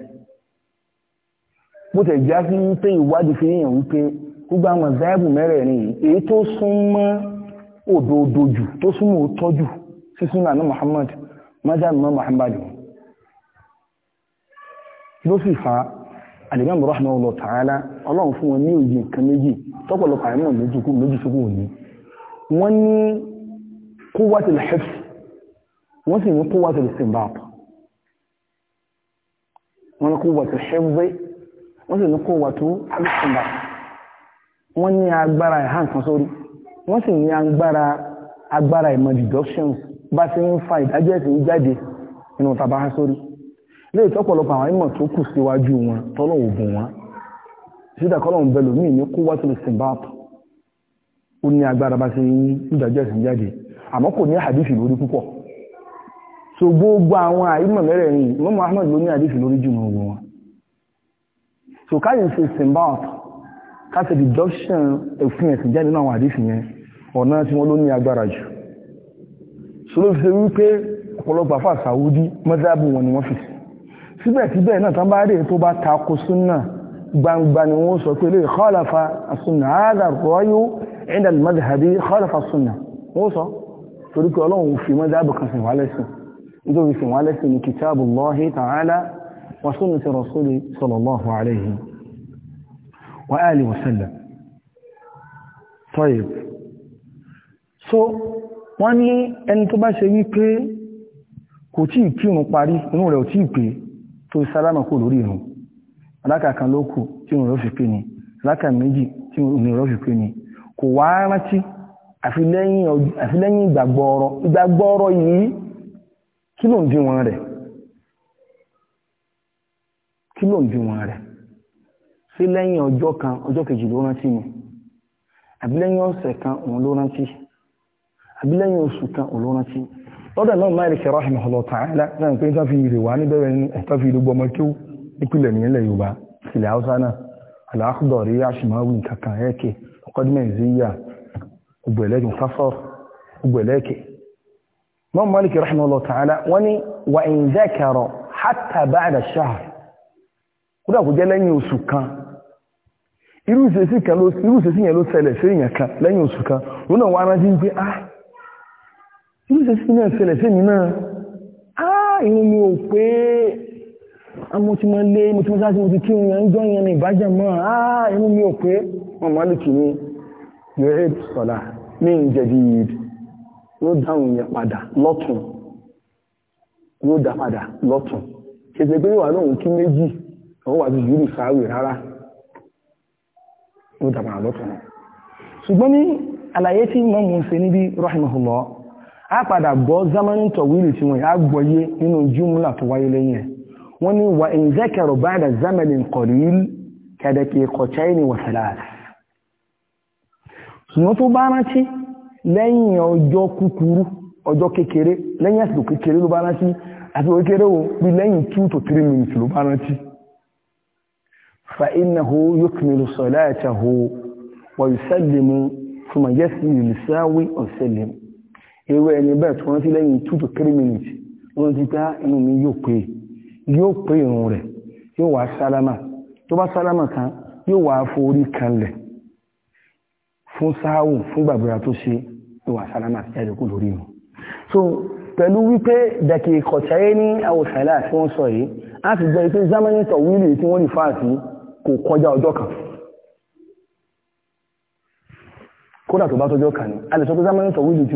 bó tẹ̀ já sí wípé ìwádìí fi yàn wípé gbogbo àwọn záìbù mẹ́rẹ̀ẹ̀rin yìí èyí tó súnmọ́ òdodo jù tó súnmọ́ òótọ́ jù sí súnà ní Muhammad mazhab mọ́ Muhammad ló sì fa àdìgbàmù rahmanullah ta'ala ọlọ́run fún wọn ní òye nǹkan méjì tọ́pọ̀lọpọ̀ àìmọ̀ méjìkú méjì sókú òní wọ́n ní quwwatul hifz wọ́n sì ní quwwatul istinbat wọ́n ní wọ́n sì ní kó wà tó alùpùpà wọ́n ní agbára ìhàn kan sórí wọ́n sì ní agbára agbára ìmọ̀ deductions bá ti ń fa ìdájọ́ ẹ̀sìn jáde nínú tàbá sórí lè tọ́pọ̀lọpọ̀ àwọn ìmọ̀ tó kù síwájú wọn tọ́lọ̀ ògùn wọn sídà kọ́lọ̀ ń bẹ̀lò míì ní kó wá tó lè sìn bá pọ̀ ó ní agbára bá ti ń ìdájọ́ ẹ̀sìn jáde àmọ́ kò ní àdìsí lórí púpọ̀ so gbogbo àwọn àìmọ̀ mẹ́rẹ̀ẹ̀rin mọ́mọ́ Ahmed ló ní àdìsí lórí jùmọ̀ ògùn wọn so káyọ̀ ṣe simbaut káṣe deduction ẹ̀fún ẹ̀sìn jáde náà wà àdífì yẹn ọ̀nà tí wọ́n ló ní agbára jù so ló fi ṣe wípé ọ̀pọ̀lọpọ̀ àfà sàwúdí mọ́sáàbù wọn ni wọ́n fi síbẹ̀síbẹ̀ náà tán bá rí tó bá tako súnà gbangba ni wọ́n sọ pé lè khalafa súnà áàdà rọ́yó ẹ̀dà madhhabi súnà wọ́n sọ torí pé ọlọ́run fi mọ́sáàbù kan sìn wálẹ́sìn nítorí sìn wálẹ́sìn ni kitabullahi ta'ala وسنة رسوله صلى الله عليه وآله وسلم طيب so wọ́n ní ẹni tó bá ṣe wípé kò tí ìkírun parí inú rẹ̀ ò tí ìpé tó sálámà kò lórí ìrun alákà kan ló kù tí òun rẹ̀ fi pé ni alákà méjì tí òun rẹ̀ fi pé ni kò wá rántí àfi ìgbàgbọ́ ọ̀rọ̀ ìgbàgbọ́ ọ̀rọ̀ yìí kí ló ń dín wọn rẹ̀ kí ló ń bí wọn rẹ̀ sí lẹ́yìn ọjọ́ kan ọjọ́ kejì ló rántí mi àbí lẹ́yìn ọ̀sẹ̀ kan òun ló rántí àbí lẹ́yìn oṣù kan òun ló rántí lọ́dọ̀ náà máa ìrìkẹ̀rọ rahimahullahu ta'ala náà pé tá fi ìrè wá níbẹ̀rẹ̀ ní ẹ̀tọ́ fi ìlú gbọmọ kí ó nípìnlẹ̀ nílẹ̀ yorùbá ìsìlẹ̀ haúsá náà aláàkúdọ̀ rí àṣìmáwì kankan ẹ̀kẹ́ ọkọ̀dúnmẹ̀ ìzíyà ògbẹ̀lẹ́kùn fásọ́r ògbẹ̀lẹ́kẹ́ náà máa wọ́n ní wà in dhakara hatta kódà kò jẹ́ lẹ́yìn oṣù kan irú ìṣesí yẹn ló ṣẹlẹ̀ sí èèyàn kan lẹ́yìn oṣù kan òun náà wá rántí pé ah irú ìṣesí náà ṣẹlẹ̀ sí èmi náà ah irun mi ò pé ah, mo ti máa lé mo ti máa sáà sí mo ti kí wọn ah mi ò pé wọn máa lè kì ní ní yìí dáhùn yẹn padà dá padà kèsè pé wà kí o wà ní yìí sáwì rárá ló dàbà lọ́tọ̀nà ṣùgbọ́n ní àlàyé tí mọ́ mú níbi a padà gbọ́ zamanin tọ̀wílì tí wọ́n yá gbọ́yé nínú jùmúlà tó wáyé lẹ́yìn wọ́n wà wa thalath ṣùgbọ́n tó bá rántí lẹ́yìn ọjọ́ kúkúrú ọjọ́ kékeré lẹ́yìn àsìkò kékeré ló bá rántí àsìkò kékeré bí lẹ́yìn 2 to 3 minutes ló bá rántí فإنه يكمل صلاته ويسلم ثم يسجد للساوي ويسلم irú ẹni bẹ́ẹ̀ tí wọ́n ti lẹ́yìn 2 to 3 minutes wọ́n ti gbá inú mi yóò pé yóò pé ìrun rẹ̀ yóò wá sálámà tó bá sálámà kan yóò wá forí kanlẹ̀ fún sáàwù fún gbàgbéra tó ṣe yóò wá sálámà jáde kú lórí ìrun so pẹ̀lú wípé dẹ̀kì kọ̀tẹ́yé ní àwòsàlá tí wọ́n sọ yìí á ti jẹ́ pé zamani tọ̀wílì tí wọ́n lè fà sí kò kọjá ọjọ́ kan kódà tó bá tọ́jọ́ kan ní a lè sọ pé sámẹ́rin sọ wíjì tí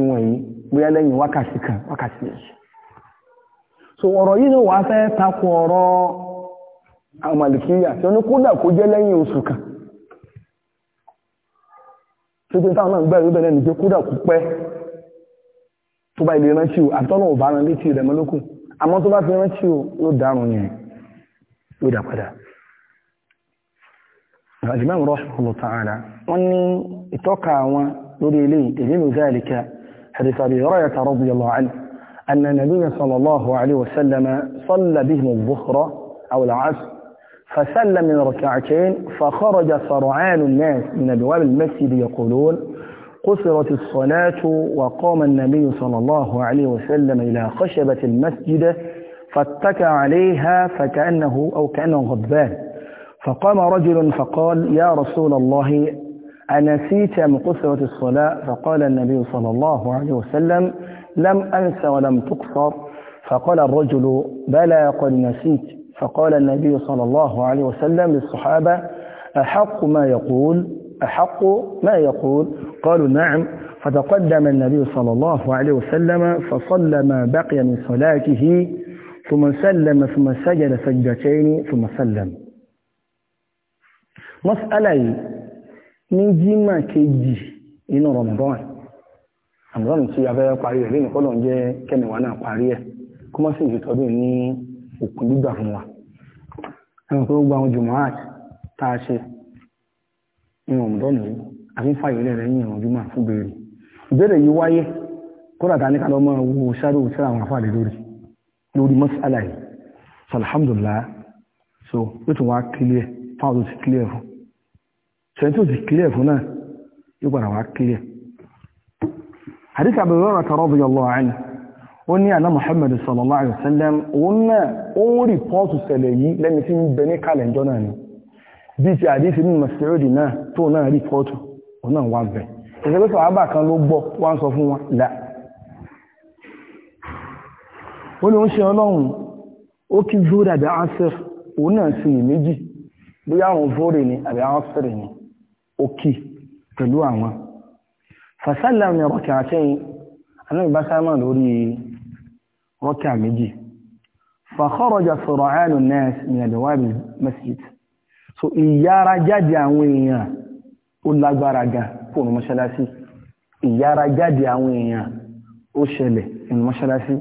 bóyá lẹ́yìn wákàtí kan wákàtí méjì so ọ̀rọ̀ yìí ni fẹ́ takò ọ̀rọ̀ àmàlìkíyà tí ó ní kódà kó jẹ́ lẹ́yìn oṣù kan tó táwọn náà gbẹ̀rù bẹ̀rẹ̀ nìjẹ́ kódà kó tó bá ilé rántí o rẹ̀ الإمام رحمه الله تعالى وأني اتوقع ونري لي دليل ذلك حديث أبي هريرة رضي الله عنه أن النبي صلى الله عليه وسلم صلى بهم الظهر أو العصر فسلم من ركعتين فخرج سرعان الناس من أبواب المسجد يقولون قصرت الصلاة وقام النبي صلى الله عليه وسلم إلى خشبة المسجد فاتكى عليها فكأنه أو كأنه غضبان فقام رجل فقال يا رسول الله أنسيت من قصرة الصلاة فقال النبي صلى الله عليه وسلم لم أنس ولم تقصر فقال الرجل بلى قد نسيت فقال النبي صلى الله عليه وسلم للصحابة أحق ما يقول أحق ما يقول قالوا نعم فتقدم النبي صلى الله عليه وسلم فصلى ما بقي من صلاته ثم سلم ثم سجد سجدتين ثم سلم mọ́sálà yìí ní jímà kejì inú rọ̀mọ̀dọ́n àmọ́ràn tí abẹ́rẹ́ parí rẹ̀ lẹ́nu kọ́lọ̀ ń jẹ́ kẹ́nìwá náà parí ẹ̀ kó mọ́ sí ìjìtọ́dún ní òkun gbígbà fún wa ẹ̀rùn pé ó gba àwọn jùmọ̀ àti tá a ṣe inú rọ̀mọ̀dọ́n yìí àfi ń fàyè rẹ̀ yìn ìrànjú máa fún béèrè ìbéèrè yìí wáyé kódà ta ní ká lọ mọ́ owó sáré òṣèré àwọn àfáàlè lórí lórí mọ́sálà yìí alhamdulillah so ó tún wá kílẹ̀ fáwọn tó ti kílẹ̀ fún ṣẹ́ntì ò sì clear fún náà yóò padà wá clear hadith Abu Hurairah radiyallahu anhu ó ní àná Muhammad sallallahu alayhi wa sallam òun náà ó ń rìpọ́ọ̀tù ṣẹlẹ̀ yìí lẹ́ni tí ń bẹ ní kàlẹ̀njọ́ náà ni bí ti hadith Ibn Mas'ud náà tó náà rìpọ́ọ̀tù òun náà wá bẹ̀ ìṣẹ́gbẹ́ sọ àbá kan ló gbọ́ wá ń sọ fún wọn là ó ní ó ń ṣe ọlọ́run ó kí zúrà bí asir òun náà sì méjì bóyá àwọn vóòrè ni àbí àwọn ni òkè pẹ̀lú àwọn fàṣálà ní ọkà àtẹ́yìn anábìbá sáàmà lórí rọ́kà méjì fàkọ́rọ̀jà sọ̀rọ̀ àánú náà ní àdẹ̀wàbí masjid so ìyára jáde àwọn èèyàn ó lágbára gan fún mọ́ṣálásí ìyára jáde àwọn èèyàn ó ṣẹlẹ̀ nínú mọ́ṣálásí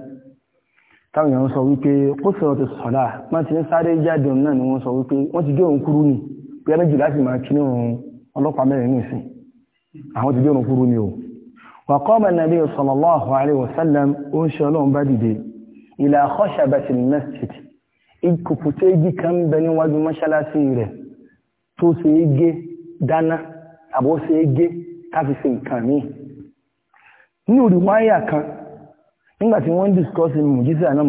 táwọn èèyàn sọ wípé kó sọ̀rọ̀ ti sọ̀lá wọ́n ti ń sáré jáde náà ni wọ́n sọ wípé wọ́n ti gé òun kúrú nì pẹ́ẹ́rẹ́jì láti máa kí ní òun ọlọ́pàá mẹ́rin ní ìsìn àwọn ti dẹ́rùn kúrú ni o wa qama an-nabi sallallahu alayhi wa sallam ó ń ṣe ọlọ́run bá dìde ila khashabati al-masjid ìkòkòtò igi kan bẹ níwájú mọ́ṣáláṣí rẹ̀ tó ṣe é gé dáná àbọ̀ ṣe é gé káfí ṣe nǹkan míì ní òrìwáyà kan nígbàtí wọ́n discourse mùjísà náà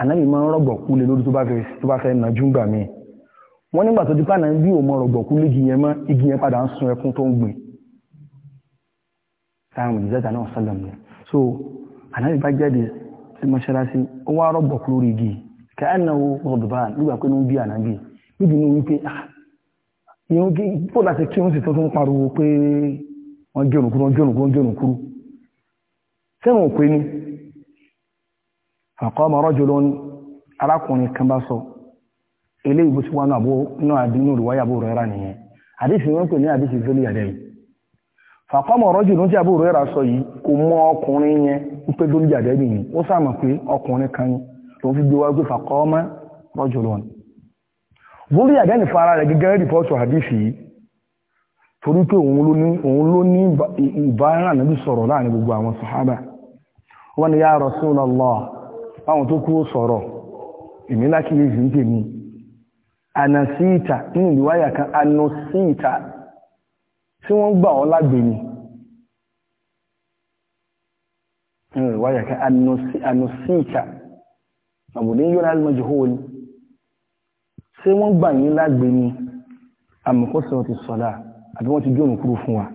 ànábì máa ń rọ̀gbọ̀ kú lé lórí tó bá fẹ́ nà júgbà mi wọ́n nígbà tó dípà náà bí òun rọ̀gbọ̀ kú lé gìyẹn mọ́ igi yẹn padà ń sun ẹkún tó ń gbìn táwọn ìjẹ́ta náà sálẹ̀ mọ́ so ànábì bá jáde sí mọ́ṣáláṣí ó wá rọ̀gbọ̀ kú lórí igi káyánáwó rọ̀dùbá nígbà pé ló ń bí ànábì níbi ní wípé ìhun ah, pọ̀ láti kí wọ́n sì tó tún pariwo pé wọ́n jẹ́ ònùkúrú wọ́n jẹ́ ònùkúrú wọ́n jẹ́ ònùkúrú sẹ́wọ̀n òpé ni àkọ́mọ rọ́jòló arákùnrin kan bá sọ ilé ìbú tí wọ́n náà àdínú ìwáyàbò rẹ̀ rà nìyẹn àdísì wọ́n zoli àdẹ́ yìí fàkọ́mọ rọ́jòló tí àbúrò rẹ̀ sọ yìí kò mọ yẹn ń pé zoli àdẹ́ fara torí pé òun ló ní òun ló ní ìbára sọ̀rọ̀ láàrin gbogbo báwọn tó kú sọ̀rọ̀ èmi ń tèmi ànàsíìta nínú ìwáyà kan ànàsíìta tí wọ́n gbà ọ́ lágbè ni nínú kan ànàsíìta àbùdí yóò láti mọ́jú hó ni tí wọ́n gbà yín lágbè ni àmọ̀kọ́sọ̀ ti sọ̀dá àbí wọ́n ti jóòrùn kúrò fún wa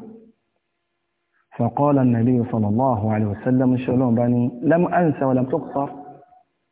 فقال النبي صلى الله عليه وسلم شلون بني لم أنسى ولم تقصر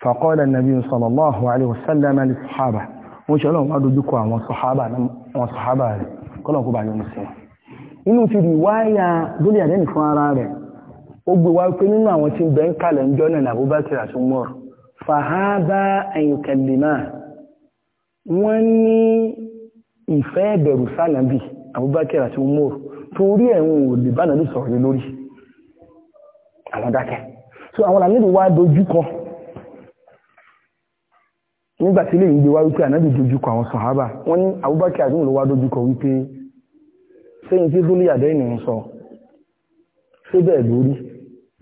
فقال النبي صلى الله عليه وسلم للصحابة وشلون قالوا دوكو àwọn sahaba àwọn sahaba kọlọ̀ kó bá yọ musin inú ti rí wáyà lórí àdẹ́nì fún ara rẹ̀ ó gbé wá pé nínú àwọn tí ń bẹ ń kalẹ̀ ń jọ́nà ní Abubakar àti Umar fahaba ayùkẹ̀lìmá wọ́n ní ìfẹ́ ẹ̀bẹ̀rù sánàbì Abubakar àti Umar torí ẹ̀wọ̀n ò lè bá nàbì sọ̀rọ̀ lórí àwọn dákẹ́ so àwọn làmìlì wá dojú kan nígbà tí lèyìn gbé wá wípé ànábì dojúkọ àwọn sàhábà wọ́n ní Abubakar àdúgbò ló wá dojúkọ wípé sẹ́yìn tí dúlé àdẹ́ ènìyàn sọ ṣé bẹ́ẹ̀ lórí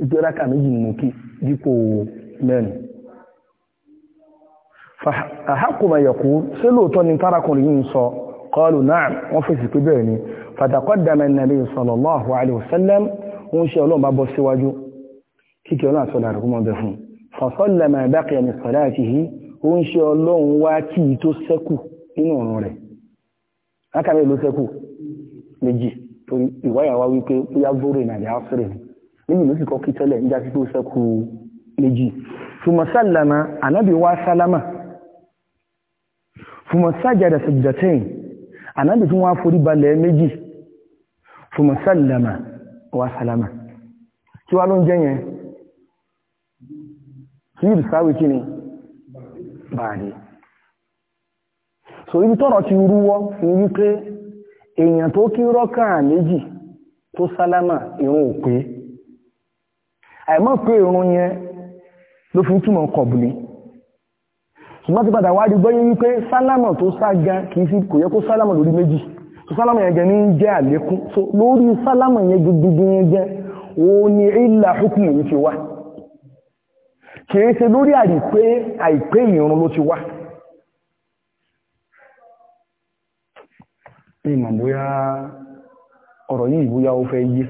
wípé rákà méjì ni mo kí dípò mẹ́rin àhákùnmọ̀ yẹ̀kú ṣé lóòótọ́ ni tárakùnrin yìí ń sọ qalu na'am wọ́n fèsì pé bẹ́ẹ̀ ni fataqaddama an-nabi sallallahu alayhi wa sallam ń ṣe ọlọ́run bá bọ́ síwájú kíkẹ́ ọlọ́run àti ọ̀dà bẹ̀ fún fa sallama baqiya min salatihi ó ń ṣe ọlọ́run wá kí i tó sẹ́kù nínú ọ̀run rẹ̀ lákàrẹ́ ló sẹ́kù méjì torí ìwáyà wá wípé bóyá vóró ìnàlẹ̀ áfẹ́rẹ̀ ni ló sì kọ́ kí tẹ́lẹ̀ níjà sí tó sẹ́kù méjì fùmọ̀ ànábì wá sálámà fùmọ̀ parí so ibi tọ́rọ̀ ti rúwọ́ ni wípé èèyàn tó kí rọ́kà méjì tó sálámà irun ò pé àìmọ́ pé ìrun yẹn ló fi túmọ̀ kọ̀bùlì ṣùgbọ́n ti padà wájú gbọ́yé wípé sálámà tó sá gan kìí sí kò yẹ kó sálámà lórí méjì so sálámà yẹn gan ní jẹ́ àlékún so lórí sálámà yẹn gbogbo yẹn jẹ́ òun ni ìlà hukmu yìí fi wá kìí ṣe lórí àìpé àìpé ìrun ló ti wá ìmọ̀ bóyá ọ̀rọ̀ yìí bóyá ó fẹ́ yé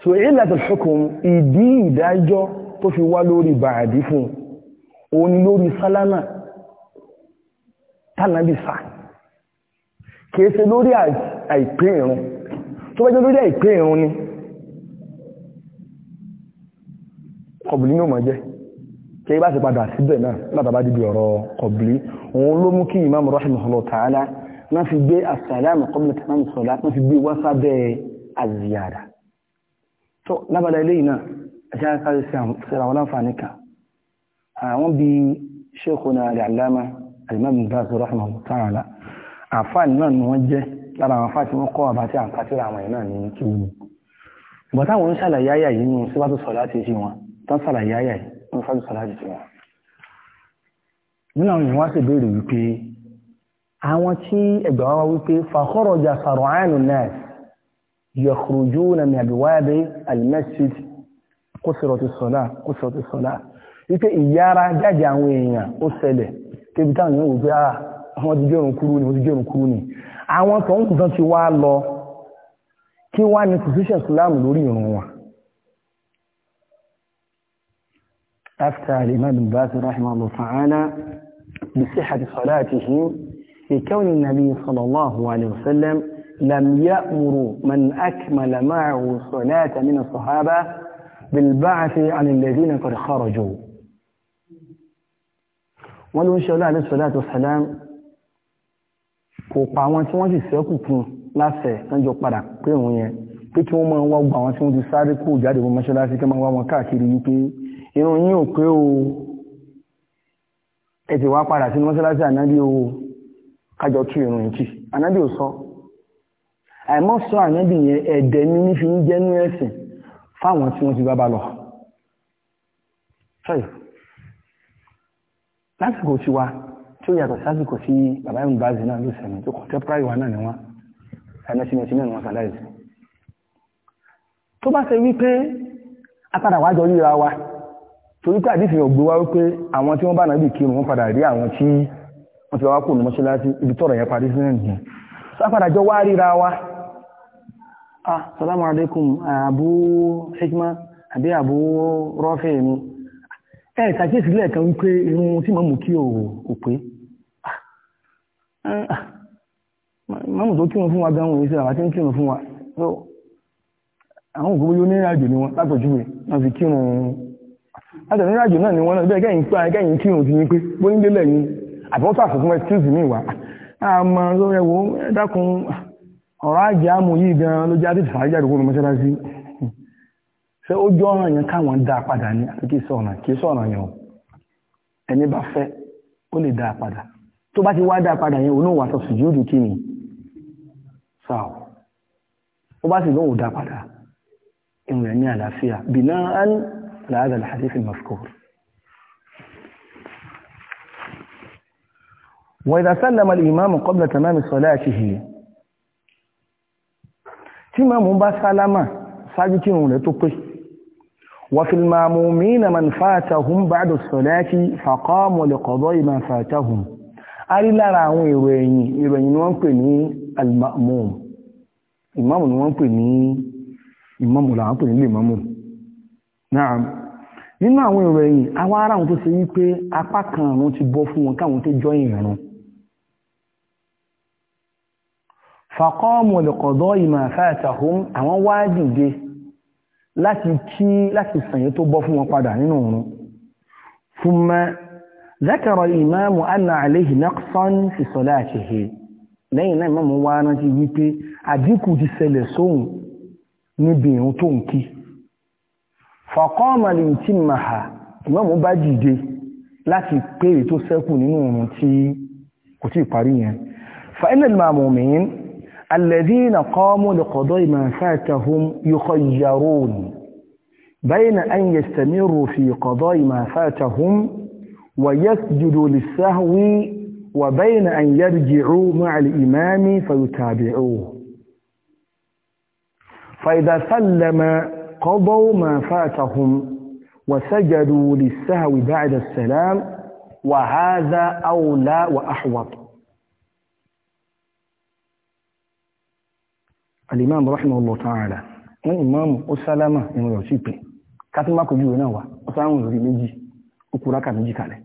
so ìlàtọ̀ ṣokùn ìdí ìdájọ́ tó fi wá lórí bàádí fún òun ni lórí sálámà tánàbìsà kìí ṣe lórí àìpé ìrun tó bá jẹ́ lórí àìpé ìrun ni kọ̀bùlí ní ò mọ̀ jẹ́ kí ibá sì padà síbẹ̀ náà látàbá dìbì ọ̀rọ̀ kọ̀bùlí òun ló mú kí imam rahimahullah ta'ala wọ́n fi gbé asàlámù kọ́bùlí tàbí sọ̀lá wọ́n fi gbé wá sábẹ́ aziyara tó lábàlá ilé yìí náà ẹ̀ṣẹ́ akáyọ̀ sẹ́ra wọn láǹfààní kan àwọn bí sheikhuna al-allama al-imam baz rahimahullah ta'ala àfáà ní ṣàlàyé ayà yìí ní síwájú sọ̀rọ̀ láti ṣe wọn tán sàlàyé ayà yìí wọ́n fájú sàlàyé tiwọn nínú àwọn ìwọ́n sì béèrè wípé àwọn tí ẹgbẹ̀ wá wípé fàkọ́rọ̀jà sàrọ̀ánù náà yọ̀kùrùjú na mẹ́bíwáde almasjid kóṣèrọ̀tì sọ́lá kóṣèrọ̀tì sọ́lá wípé ìyára jáde àwọn èèyàn ó ṣẹlẹ̀ kébi táwọn yóò wípé ah, àwọn أفتى الإمام الباس باز رحمه الله تعالى بصحة صلاته في النبي صلى الله عليه وسلم لم يأمر من أكمل معه صلاة من الصحابة بالبعث عن الذين قد خرجوا wọ́n ló ń ṣe ọlá àlẹ́ sọ́lá àti ọ̀sálám kò pa àwọn tí wọ́n sì sẹ́kù kún láṣẹ lọ́jọ́ padà pé òun yẹn pé kí wọ́n máa wá gbọ́ àwọn tí wọ́n ti sáré kó jáde wọn mọ́ṣáláṣí kí wọ́n máa wá wọn káàkiri wípé irun yín ò pé o ẹ ti wá padà sínú mọ́sálásí ànábì o kájọ tú irun yìí kì ànábì ò sọ àìmọ́ sọ ànábì yẹn ẹ̀dẹ̀ ní ní fi ń jẹ́nu ẹ̀sìn fáwọn tí wọ́n ti bá bá lọ sọ́yọ̀ lásìkò tiwa tí ó yàtọ̀ sásìkò sí bàbá ìmú bá zina ló sẹ̀mí tó contemporary wa náà ni wọ́n ẹ̀mẹ́sìmẹ́sì náà ni sàláìsì tó bá ṣe wípé apádà wájọ ríra wa torí pé àdìsí ọ̀gbé wá wípé àwọn tí wọ́n bá nàbì kírun wọ́n padà rí àwọn tí wọ́n ti wá kò ní mọ́ṣáláṣí ibi tọ́rọ̀ yẹn parí sínú nìyẹn sápadà jọ wá ríra wa ah salamu alaikum abu hikma àbí abu rọ́fẹ́ mi ẹ̀ ṣàkíyèsí lẹ́ẹ̀kan wípé irun tí màmú kí ò pé màmú tó kírun fún wa gan òun ìṣẹ́ àwọn tí ń kírun fún wa àwọn òkú yóò ní ìrìnàjò ni wọn lápòjúwe wọn fi kírun àtẹ̀níràjò náà ni wọ́n náà bẹ́ẹ̀ kẹ́yìn pé kẹ́yìn kí òun ti ní pé bóyí lélẹ̀ ni àbọ́sà fún fún excuse mi wà àmọ́ tó yẹ wo dákun ọ̀rọ̀ ajé àmú yìí gan ló jẹ́ àtìtì fàájà ìdókòwò ní mọ́ṣáláṣí ṣé ó jọ ọ̀ràn yẹn káwọn dá padà ní àti kí sọ̀nà kí sọ̀nà yẹn o ẹni bá fẹ́ ó lè dá padà tó bá ti wá dá padà yẹn òun wà sọ sùjúdù kí ni sáà ó bá sì lóun dá padà ìrìn ní àlàáfíà bìnnà á ní لهذا الحديث المذكور وإذا سلم الإمام قبل تمام صلاته مبا سلاما ساجتين لتقي وفي المامومين من فاتهم بعد الصلاة فقاموا لقضاء ما فاتهم أري لا àwọn ويني ìròyìn ni المأموم إمام pè ní al-ma'mum imam náà nínú àwọn ìròyìn àwọn ará wọn tó ṣe wípé apá kan àwọn ti bọ́ fún wọn káwọn tó jọ ìrìnrún fàkọ́ọ̀mù lẹ̀kọ̀dọ́ ìmọ̀ àfáàtàhún àwọn wá dìde láti kí láti sànyẹ tó bọ́ fún wọn padà nínú òun fún mẹ́ ذكر الإمام أن عليه نقصا في صلاته lẹ́yìn náà mọ́mọ́ wá rántí wípé àdínkù ti ṣẹlẹ̀ sóhun níbi ìrun tó ń kí fàkọ́ọ̀mà lè tí màá ìmọ̀mù bá dìde láti pé èyí tó sẹ́kù nínú òun tí kò tí parí yẹn fa'inal ma'mumin alladhina qamu li qada'i ma fatahum yukhayyarun bayna an yastamiru fi qada'i ma fatahum wa yasjudu lis-sahwi wa bayna an yarji'u ma'a al-imami fayutabi'uhu fa idha sallama قضوا ما فاتهم وسجدوا للسهو بعد السلام وهذا أولى وأحوط الإمام رحمه الله تعالى wọ́n ìmáàmù ó sálámà ìrìn ọ̀sí ìpín kátìmákò yìí náà wà ó sáwọn ìròrí méjì ó kú rákà méjì kalẹ̀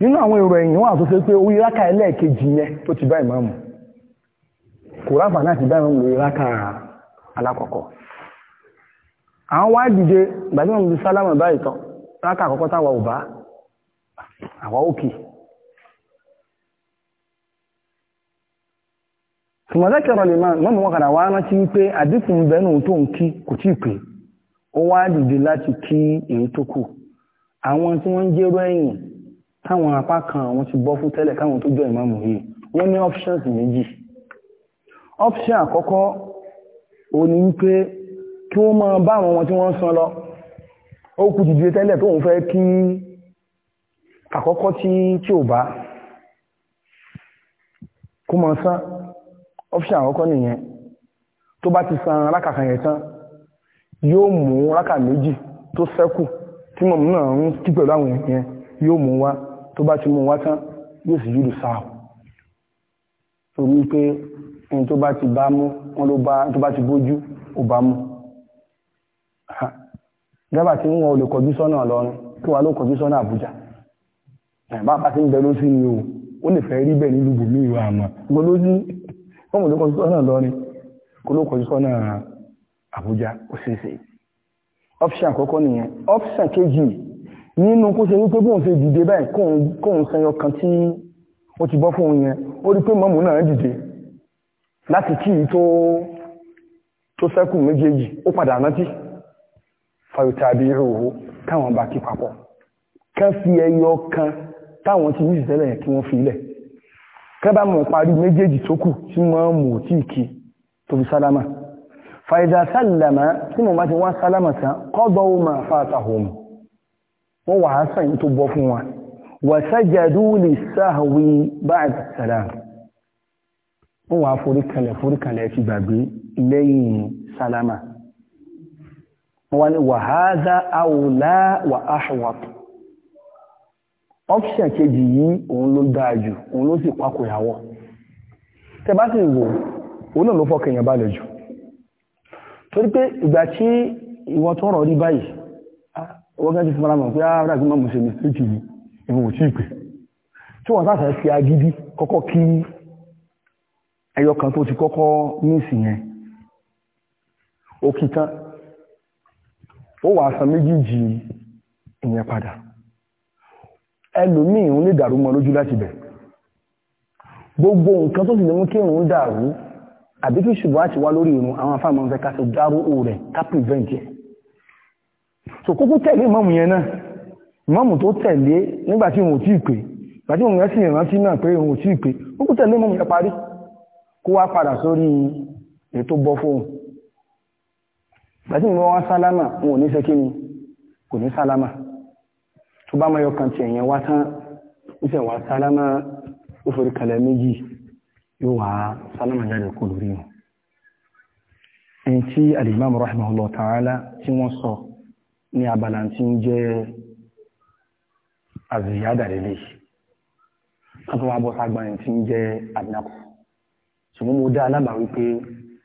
nínú àwọn èrò ẹ̀yìn wà tó ṣe pé orí rákà ẹlẹ́ẹ̀kejì yẹn tó ti bá ìmáàmù kò ráfà náà ti bá ìmáàmù lórí rákà alákọ̀ọ́kọ́ àwọn wá dìde ìgbàtí wọn bí sálámà báyìí tán rákà àkọ́kọ́ táwà ò bá àwà òkè tùmọ̀lẹ́kẹ̀rọ lè máa mọ́mù wọn kàdà wá rántí wípé àdínkù ń bẹnu tó ń kí kò tí pé ó wá dìde láti kí èyí tó kù àwọn tí wọ́n ń jẹ́rọ ẹ̀yìn táwọn apá kan àwọn ti bọ́ fún tẹ́lẹ̀ káwọn tó jọ ìmáàmù yìí wọ́n ní options méjì option àkọ́kọ́ òní wípé kí wọ́n máa bá àwọn ọmọ tí wọ́n ń san lọ ó kú ti dìde tẹ́lẹ̀ tóun fẹ́ kí àkọ́kọ́ tí tí ò bá kó máa san option àkọ́kọ́ nìyẹn tó bá ti san alákàkà yẹn tán yóò mú rákà méjì tó ṣẹ́kù tí mọ̀mú náà ń kí pẹ̀lú àwọn èèyàn yóò mú wá tó bá ti mú wá tán yóò sì yúlù sáà torí pé ẹni tó bá ti bá mú wọn ló bá tó bá ti bójú ò bá mú gẹ́bà tí wọ́n olè kọjú sọ́nà lọ́rùn kí wà ló kọjú sọ́nà Àbújá bá bá ti ń bẹ lóṣù ni o ó lè fẹ́ rí bẹ́ẹ̀ nílùú bòmí ìwà àmọ́ gbọ́n ló ní wọ́n olè kọjú sọ́nà lọ́rùn kó ló kọjú sọ́nà Àbújá ó ṣe é ṣe option àkọ́kọ́ nìyẹn option kejì nínú kó ṣe wípé bóun ṣe dìde báyìí kóun sanyọ kan tí ó ti bọ́ fún un ó rí pé mọ́mù náà dìde láti kí tó sẹ́kù méjèèjì ó padà rántí fàyòtàbíhù káwọn bá kí papọ̀ kán fi ẹyọ kan táwọn ti yìí tẹ́lẹ̀ kí wọ́n fi ilẹ̀ kán bá mọ̀ parí méjèèjì tó kù tí wọ́n mú tí kí tó fi sálámà fàìdà sálámà tí mo bá ti wá sálámà tán kọ́dọ̀ wọ́n wà forí kalẹ̀ forí kalẹ̀ ti gbàgbé lẹ́yìn sálámà wọ́n ni wàhádá àwòlá wà áhùwàtù ọ́fíṣà kejì yìí òun ló dáa jù òun ló sì pákò ìyàwó tẹ bá sì wò òun náà ló fọ́kẹ̀yàn balẹ̀ jù torí pé ìgbà tí ìwọ rí báyìí ah, wọ́n gẹ́gẹ́ ara ó wàá san méjìjì ìyẹn padà ẹlòmíì ń lè dàrú mọ́ lójú láti bẹ̀ gbogbo nǹkan tó sì lè mú kí òun dàrú àbí kí ṣùgbọ́n àti wá lórí irun àwọn afáàmọ́ fẹ́ ká dárú rẹ̀ ká prevent so kúkú tẹ̀lé ìmọ̀mù yẹn náà ìmọ̀mù tó tẹ̀lé nígbà tí òun ò tí ì pé nígbà tí òun yẹn sì rántí náà pé òun ò tí ì pé kúkú tẹ̀lé ìmọ̀mù yẹn parí kó wá padà sórí ètò bọ́ fóun gbàtí mo wá sálámà wọn ò ní ṣe kí ni kò ní sálámà tó bá máa yọkàn tí ẹ̀yẹn wá tán ìṣẹ̀ wá sálámà ó forí kalẹ̀ méjì yóò wá sálámà jáde kó lórí wọn ẹni tí al-Imam rahimahullah ta'ala tí wọ́n sọ ní abala tí ń jẹ́ àzìyádà lélẹ̀ kátó wá bọ́ ságbà ẹni tí ń jẹ́ àdínàkù ṣùgbọ́n mo dá alábàá wípé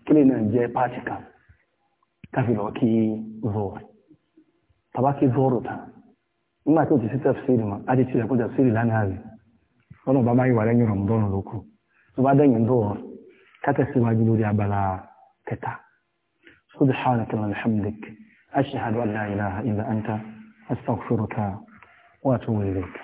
kílè náà jẹ́ páàtì kan káfí lọ kí zọrọ tàbá kí zọrọ tán nígbà tí o ti sí tafsiri mọ a ti ti rẹ kó tafsiri lánàá rẹ wọn bá máa yí wà lẹ́yìn rọmọdọrùn lóko tó bá dẹ̀yìn zọrọ kátẹsíwájú lórí abala kẹta subhanaka alhamdik ashhadu an la ilaha illa anta astaghfiruka wa atubu ilayk